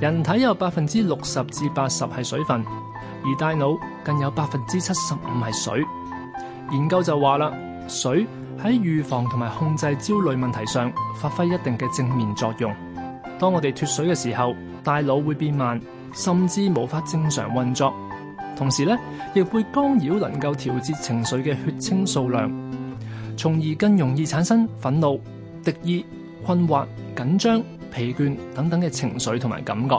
人體有百分之六十至八十係水分，而大腦更有百分之七十五係水。研究就話啦，水喺預防同埋控制焦慮問題上發揮一定嘅正面作用。當我哋脫水嘅時候，大腦會變慢，甚至無法正常運作。同時咧，亦會干擾能夠調節情緒嘅血清數量，從而更容易產生憤怒、敵意、困惑、緊張、疲倦等等嘅情緒同埋感覺。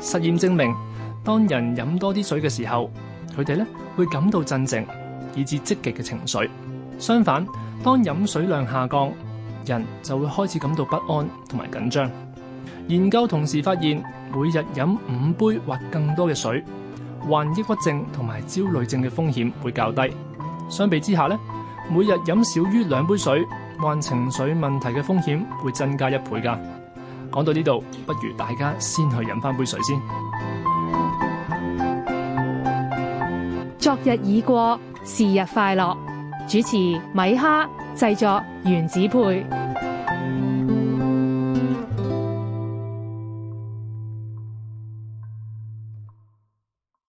實驗證明，當人飲多啲水嘅時候，佢哋咧會感到鎮靜，以至積極嘅情緒。相反，當飲水量下降，人就會開始感到不安同埋緊張。研究同時發現，每日飲五杯或更多嘅水，患抑鬱症同埋焦慮症嘅風險會較低。相比之下咧，每日飲少於兩杯水，患情緒問題嘅風險會增加一倍噶。講到呢度，不如大家先去飲翻杯水先。昨日已過，是日快樂。主持米哈，製作原子配。